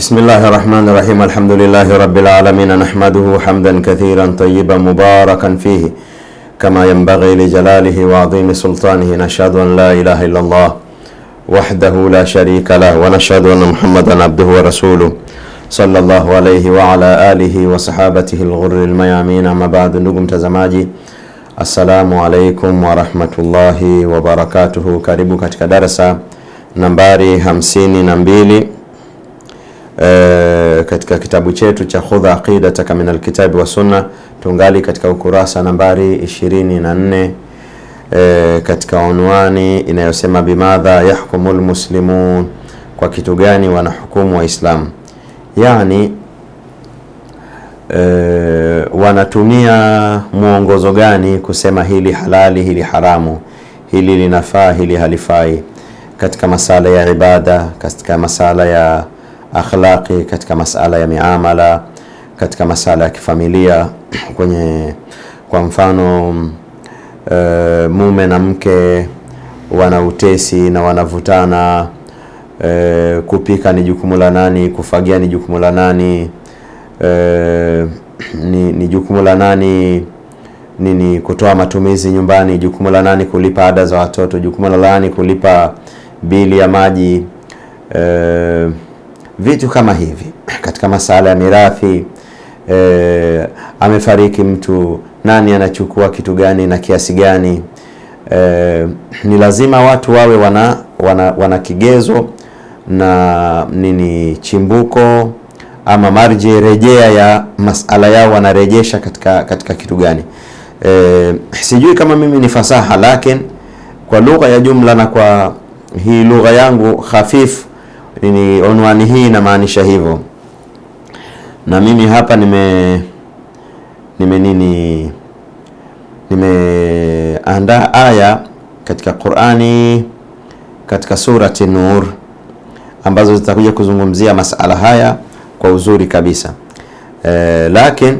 بسم الله الرحمن الرحيم الحمد لله رب العالمين نحمده حمدا كثيرا طيبا مباركا فيه كما ينبغي لجلاله وعظيم سلطانه نشهد أن لا إله إلا الله وحده لا شريك له ونشهد أن محمدا عبده ورسوله صلى الله عليه وعلى آله وصحابته الغر الميامين أما بعد نقم تزماجي السلام عليكم ورحمة الله وبركاته كاريبو darasa nambari نمباري همسيني نمبيلي Eh, katika kitabu chetu cha Khudha Aqidataka min alkitabi wa Sunna, tungali katika ukurasa nambari 24 e, eh, katika unwani inayosema bimadha yahkumu lmuslimun, kwa kitu gani wanahukumu Waislamu, yani e, wanatumia mwongozo gani kusema hili halali, hili haramu, hili linafaa, hili halifai katika masala ya ibada, katika masala ya akhlaqi, katika masala ya miamala, katika masala ya kifamilia kwenye kwa mfano e, mume na mke wana utesi na wanavutana. E, kupika ni jukumu la nani? Kufagia ni jukumu la nani? E, ni, ni jukumu la nani? Nini kutoa matumizi nyumbani? Jukumu la nani kulipa ada za watoto? Jukumu la nani kulipa bili ya maji? E, vitu kama hivi katika masala ya mirathi e, amefariki mtu, nani anachukua kitu gani na kiasi gani? E, ni lazima watu wawe wana, wana, wana kigezo na nini chimbuko ama marje rejea ya masala yao wanarejesha katika, katika kitu gani? E, sijui kama mimi ni fasaha, lakini kwa lugha ya jumla na kwa hii lugha yangu hafifu ni onwani hii inamaanisha hivyo, na mimi hapa nime nime nini nimeandaa aya katika Qur'ani katika surati Nur ambazo zitakuja kuzungumzia masala haya kwa uzuri kabisa e, eh, lakini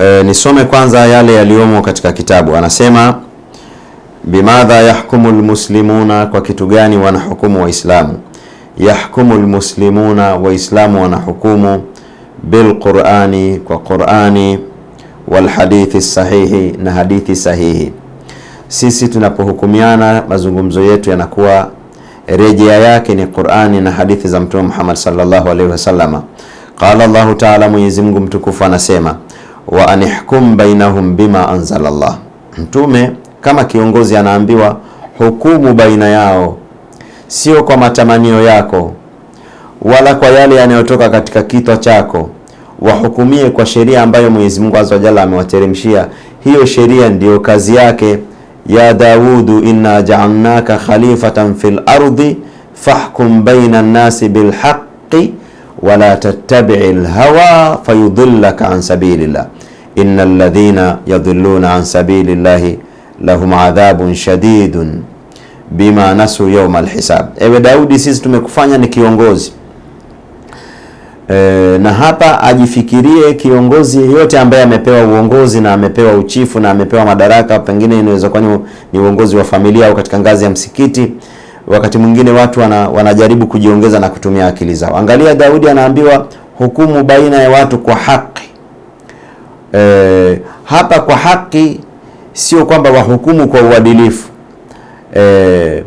e, eh, nisome kwanza yale yaliyomo katika kitabu. Anasema bimadha yahkumu lmuslimuna, kwa kitu gani wanahukumu Waislamu. Yahkumu lmuslimuna, Waislamu wanahukumu bilqurani, kwa Qurani, walhadithi sahihi, na hadithi sahihi. Sisi tunapohukumiana mazungumzo yetu yanakuwa rejea yake ni Qurani na hadithi za Mtume Muhammad sallallahu alaihi Qala llahu taala, Mwenyezi Mungu mtukufu anasema, wa anihkum bainahum bima anzala Allah. Mtume kama kiongozi anaambiwa hukumu baina yao, sio kwa matamanio yako wala kwa yale yanayotoka katika kitwa chako, wahukumie kwa sheria ambayo Mwenyezi Mungu azza wajalla amewateremshia. Hiyo sheria ndiyo kazi yake ya Daudu, inna ja'alnaka khalifatan fil ardi fahkum baina nnasi bilhaqi wala tattabii lhawa fayudhillaka an sabilillah innal ladhina yadhilluna an sabilillahi lahum adhabun shadidun bima nasu yauma alhisab. Ewe Daudi, sisi tumekufanya ni kiongozi e. Na hapa ajifikirie kiongozi yeyote ambaye amepewa uongozi na amepewa uchifu na amepewa madaraka, pengine inaweza kuwa ni uongozi wa familia au katika ngazi ya msikiti. Wakati mwingine watu wana, wanajaribu kujiongeza na kutumia akili zao. Angalia Daudi anaambiwa hukumu baina ya watu kwa haki e, hapa kwa haki sio kwamba wahukumu kwa uadilifu e,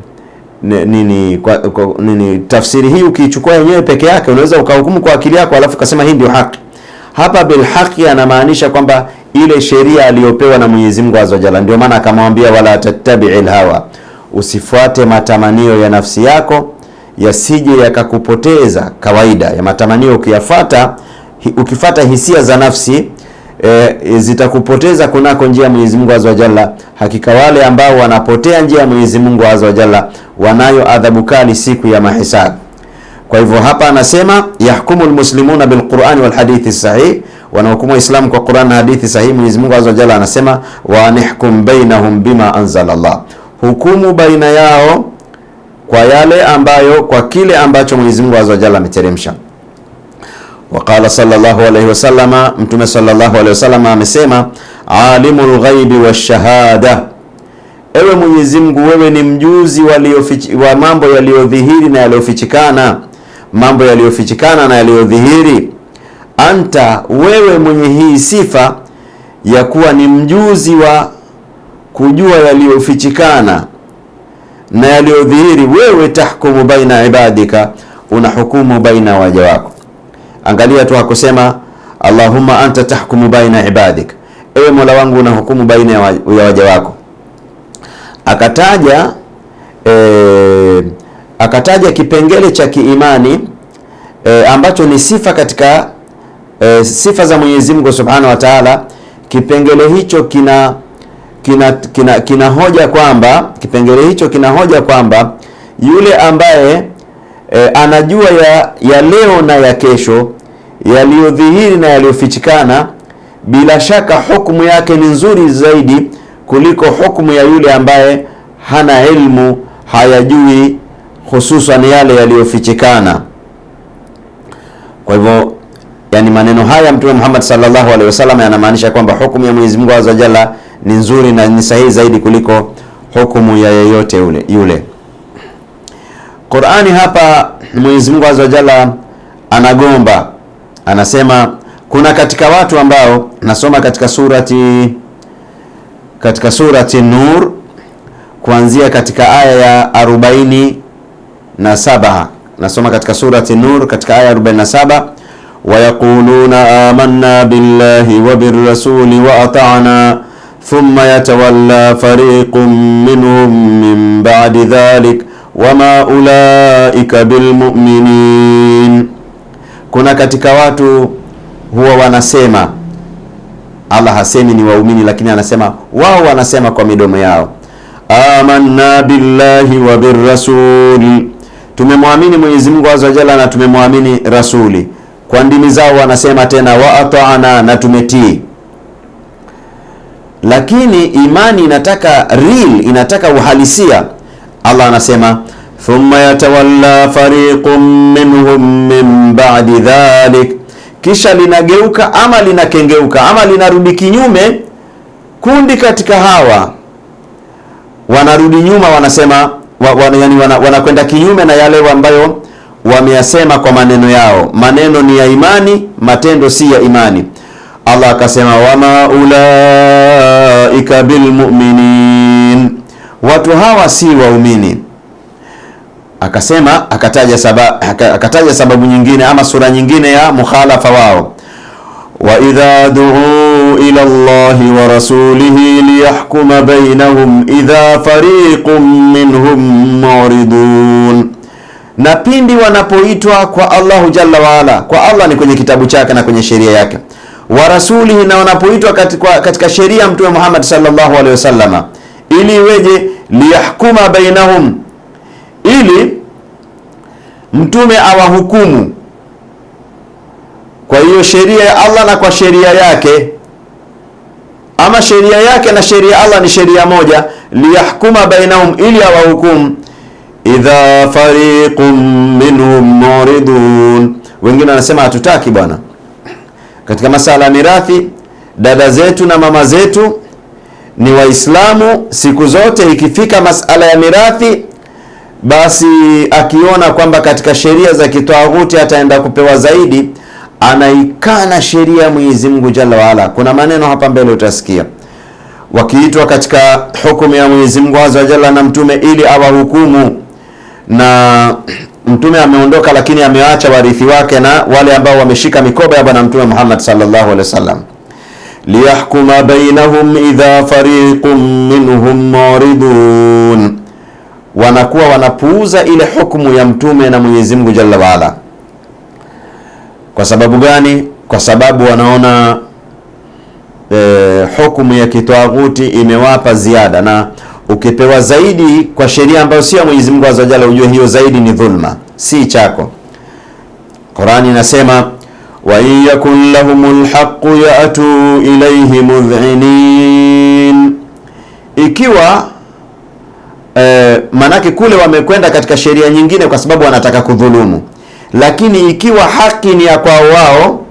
nini, kwa, kwa, nini tafsiri hii ukiichukua yenyewe peke yake unaweza ukahukumu kwa akili yako alafu ukasema hii ndio haki. Hapa bil haki anamaanisha kwamba ile sheria aliyopewa na Mwenyezi Mungu azza jalla, ndio maana akamwambia wala tattabi'il hawa, usifuate matamanio ya nafsi yako yasije yakakupoteza. Kawaida ya matamanio ukiyafuata, ukifata hisia za nafsi e, zitakupoteza kunako njia ya Mwenyezi Mungu Azza Jalla. Hakika wale ambao wanapotea njia ya Mwenyezi Mungu Azza Jalla wanayo adhabu kali siku ya mahisab Kwa hivyo hapa anasema yahkumu almuslimuna bilqurani walhadithi sahih, wanahukumu Waislamu kwa Qurani na hadithi sahihi. Mwenyezi Mungu Azza Jalla anasema wa bainahum bima anzala Allah, hukumu baina yao kwa yale ambayo, kwa kile ambacho Mwenyezi Mungu Azza Jalla ameteremsha. Waqala sallallahu alayhi wasallama, Mtume sallallahu alayhi wasallama amesema alimul ghaibi washahada, ewe Mwenyezi Mungu, wewe ni mjuzi wa mambo yaliyodhihiri na yaliyofichikana, mambo yaliyofichikana na yaliyodhihiri. Anta, wewe mwenye hii sifa ya kuwa ni mjuzi wa kujua yaliyofichikana na yaliyodhihiri, wewe tahkumu baina ibadika, unahukumu baina waja wako Angalia tu hakusema Allahumma anta tahkumu baina ibadik, ewe Mola wangu unahukumu baina ya waja wako. Akataja e, akataja kipengele cha kiimani e, ambacho ni sifa katika e, sifa za Mwenyezi Mungu Subhanahu wa Ta'ala. Kipengele hicho kina kina kina, kina hoja kwamba kipengele hicho kina hoja kwamba yule ambaye e, anajua ya, ya leo na ya kesho yaliyodhihiri na yaliyofichikana, bila shaka hukumu yake ni nzuri zaidi kuliko hukumu ya yule ambaye hana ilmu, hayajui hususan yale yaliyofichikana. Kwa hivyo, yani maneno haya Mtume Muhammad sallallahu alaihi wasallam yanamaanisha kwamba hukumu ya Mwenyezi Mungu azza jalla ni nzuri na ni sahihi zaidi kuliko hukumu ya yeyote yule yule. Qur'ani hapa Mwenyezi Mungu azza jalla anagomba anasema kuna katika watu ambao nasoma katika surati katika surati Nur kuanzia katika aya ya 47 na nasoma katika surati Nur katika aya ya 47 na saba wayaquluna amanna billahi wa birrasuli wa ata'na thumma yatawalla fariqun minhum min ba'di dhalik wama ulaika bilmu'minin kuna katika watu huwa wanasema, Allah hasemi ni waumini, lakini anasema wao wanasema kwa midomo yao, amanna billahi wa birrasuli, tumemwamini Mwenyezi Mungu azza jalla na tumemwamini rasuli. Kwa ndimi zao wanasema tena wa ata'ana, na tumetii lakini imani inataka real, inataka uhalisia. Allah anasema thumma yatawalla fariqun minhum min ba'di dhalik, kisha linageuka ama linakengeuka ama linarudi kinyume. Kundi katika hawa wanarudi nyuma, wanasema wa, wa, yani wana, kinyume na yale ambayo wameyasema kwa maneno yao. Maneno ni ya imani, matendo si ya imani. Allah akasema, wama ulaika bilmuminin, watu hawa si waumini Akasema akataja sababu, akataja sababu nyingine ama sura nyingine ya mukhalafa wao, wa idha duu ila Allahi wa rasulihi liyahkuma bainahum idha fariqun minhum muridun, na pindi wanapoitwa kwa Allahu jalla waala, kwa Allah ni kwenye kitabu chake na kwenye sheria yake, wa rasulihi, na wanapoitwa katika, katika sheria Mtume Muhammad sallallahu alaihi wasallama, ili weje liyahkuma bainahum ili mtume awahukumu kwa hiyo sheria ya Allah na kwa sheria yake, ama sheria yake na sheria ya Allah ni sheria moja. Liyahkuma bainahum, ili awahukumu. Idha fariqum minhum muridun, wengine wanasema hatutaki bwana. Katika masala ya mirathi, dada zetu na mama zetu ni Waislamu, siku zote ikifika masala ya mirathi basi akiona kwamba katika sheria za kitwaghuti ataenda kupewa zaidi, anaikana sheria ya Mwenyezi Mungu Jalla waala. Kuna maneno hapa mbele utasikia wakiitwa katika hukumu ya Mwenyezi Mungu azza Jalla na mtume ili awahukumu. Na mtume ameondoka, lakini ameacha warithi wake na wale ambao wameshika mikoba ya bwana mtume Muhammad sallallahu alaihi wasallam liyahkuma bainahum idha fariqun minhum muridun wanakuwa wanapuuza ile hukumu ya mtume na Mwenyezi Mungu Jalla waala. Kwa sababu gani? Kwa sababu wanaona e, hukumu ya kitwaghuti imewapa ziada, na ukipewa zaidi kwa sheria ambayo ya Mwenyezi Mungu azza jalla, ujue hiyo zaidi ni dhulma, si chako. Qurani inasema wa in yakun lahumul haqq ya'tu ilayhi mudh'inin, ikiwa e, manake kule wamekwenda katika sheria nyingine kwa sababu wanataka kudhulumu. Lakini ikiwa haki ni ya kwao wao,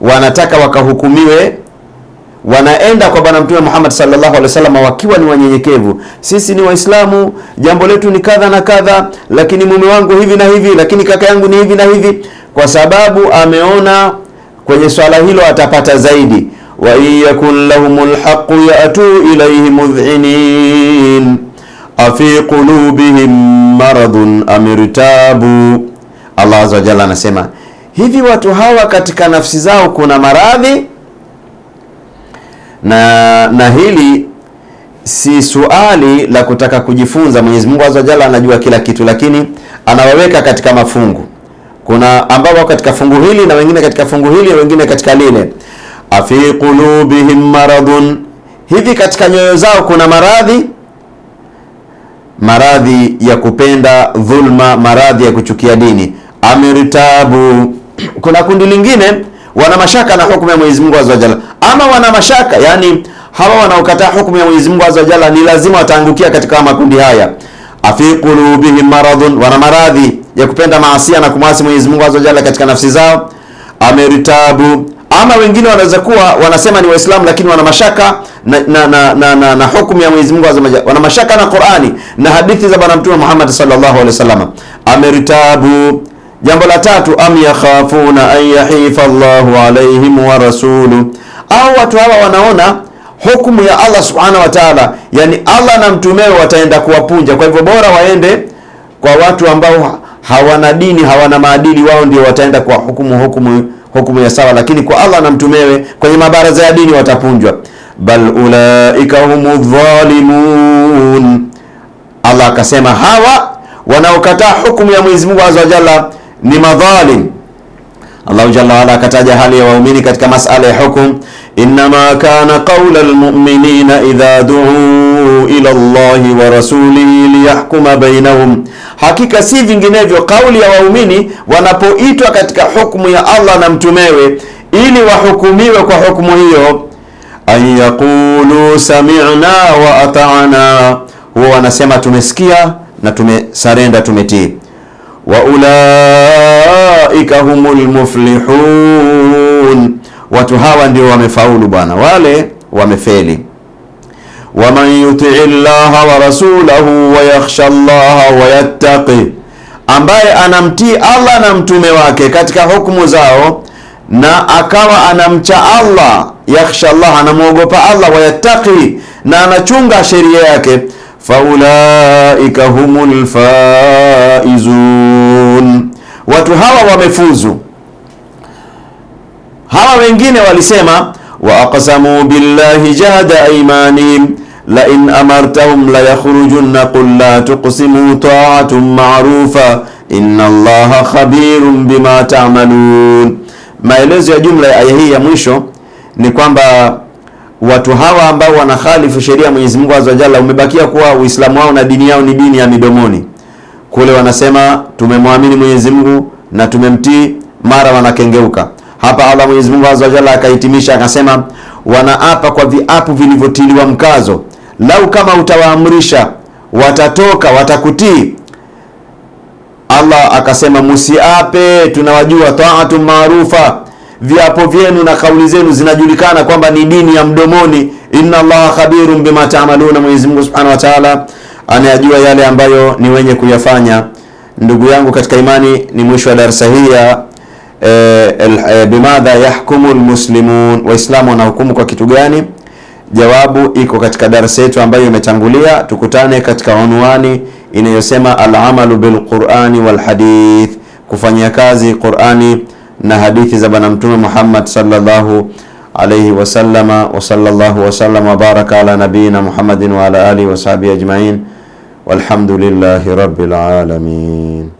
wanataka wakahukumiwe, wanaenda kwa Bwana Mtume Muhammad sallallahu alaihi wasallam wakiwa ni wanyenyekevu. Sisi ni Waislamu, jambo letu ni kadha na kadha, lakini mume wangu hivi na hivi, lakini kaka yangu ni hivi na hivi, kwa sababu ameona kwenye swala hilo atapata zaidi. wa in yakun lahumul haqqu ya'tu ilayhi mudh'inin afi qulubihim maradun amirtabu. Allah azza jalla anasema hivi, watu hawa katika nafsi zao kuna maradhi, na na hili si suali la kutaka kujifunza. Mwenyezi Mungu azza jalla anajua kila kitu, lakini anawaweka katika mafungu. Kuna ambao wako katika fungu hili na wengine katika fungu hili na wengine katika lile. Afi qulubihim maradun, hivi katika nyoyo zao kuna maradhi maradhi ya kupenda dhulma, maradhi ya kuchukia dini. amiritabu. kuna kundi lingine wana mashaka na hukumu ya Mwenyezi Mungu azza jalla, ama wana mashaka yani hawa wanaokataa hukumu ya Mwenyezi Mungu azza jalla ni lazima wataangukia katika makundi haya. Afi qulubihim maradhun, wana maradhi ya kupenda maasia na kumwasi Mwenyezi Mungu azza jalla katika nafsi zao. amiritabu ama wengine wanaweza kuwa wanasema ni Waislamu lakini wana mashaka na, na, na, na, na, na hukumu ya Mwenyezi Mungu azamaja wana mashaka na Qur'ani na hadithi za Bwana Mtume Muhammad sallallahu alaihi wasallam. Ameritabu. Jambo la tatu, am yakhafuna an yahifa Allahu alaihim wa rasulu, au watu hawa wanaona hukumu ya Allah subhanahu wa ta'ala, yani Allah na mtumewe wataenda kuwapunja, kwa hivyo bora waende kwa watu ambao hawana dini, hawana maadili, wao ndio wataenda hukumu hukumu hukumu ya sawa, lakini kwa Allah na mtumewe kwenye mabaraza ya dini watapunjwa. Bal ulaika humu dhalimun, Allah akasema hawa wanaokataa hukumu ya Mwenyezi Mungu azza wa jalla ni madhalim. Allahu jalla wala akataja hali ya waumini katika masala ya hukum, innama kana qawla almu'minina idha duu ila Allahi wa rasulihi liyahkuma bainahum, hakika si vinginevyo kauli ya waumini wanapoitwa katika hukumu ya Allah na mtumewe ili wahukumiwe kwa hukumu hiyo, an yaqulu sami'na wa ata'na, huwa wanasema tumesikia na tumesarenda, tumetii wa ulaika humul muflihun, watu hawa ndio wamefaulu bwana, wale wamefeli. Waman yutii llaha wa rasulahu wa yakhsha llaha wa yattaqi, ambaye anamtii Allah na mtume wake katika hukumu zao na akawa anamcha Allah, yakhsha Allah, anamwogopa Allah, wa yattaqi, na anachunga sheria yake faulaika humul faizun, watu hawa wamefuzu. Hawa wengine walisema wa aqsamu billahi jahda aymanihim la in amartahum la yakhrujunna qul la tuqsimu ta'atun ma'rufa inna allaha khabirun bima ta'malun. Maelezo ya jumla ya aya hii ya mwisho ni kwamba watu hawa ambao wanakhalifu sheria ya Mwenyezi Mungu azza jalla, umebakia kuwa Uislamu wao na dini yao ni dini ya midomoni. Kule wanasema tumemwamini Mwenyezi Mungu na tumemtii, mara wanakengeuka. Hapa Allah Mwenyezi Mungu azza jalla akahitimisha akasema, wanaapa kwa viapo vilivyotiliwa mkazo, lau kama utawaamrisha watatoka, watakutii. Allah akasema, musiape, tunawajua, taatu maarufa viapo vyenu na kauli zenu zinajulikana kwamba ni dini ya mdomoni. Inna Allaha khabirun bima taamaluna, Mwenyezi Mungu Subhanahu wa Ta'ala anayajua yale ambayo ni wenye kuyafanya. Ndugu yangu katika imani, ni mwisho wa darasa hii ya e, e, bimadha yahkumu almuslimun, waislamu wanahukumu kwa kitu gani? Jawabu iko katika darasa yetu ambayo imetangulia. Tukutane katika unwani inayosema alamalu bilqurani walhadith, kufanyia kazi Qurani na hadithi za Bwana Mtume Muhammad sallallahu alaihi wasallama wa sallallahu wasallama baraka ala nabiina Muhammadin wa ala alihi wa sahbihi ajmain walhamdulillahi rabbil alamin.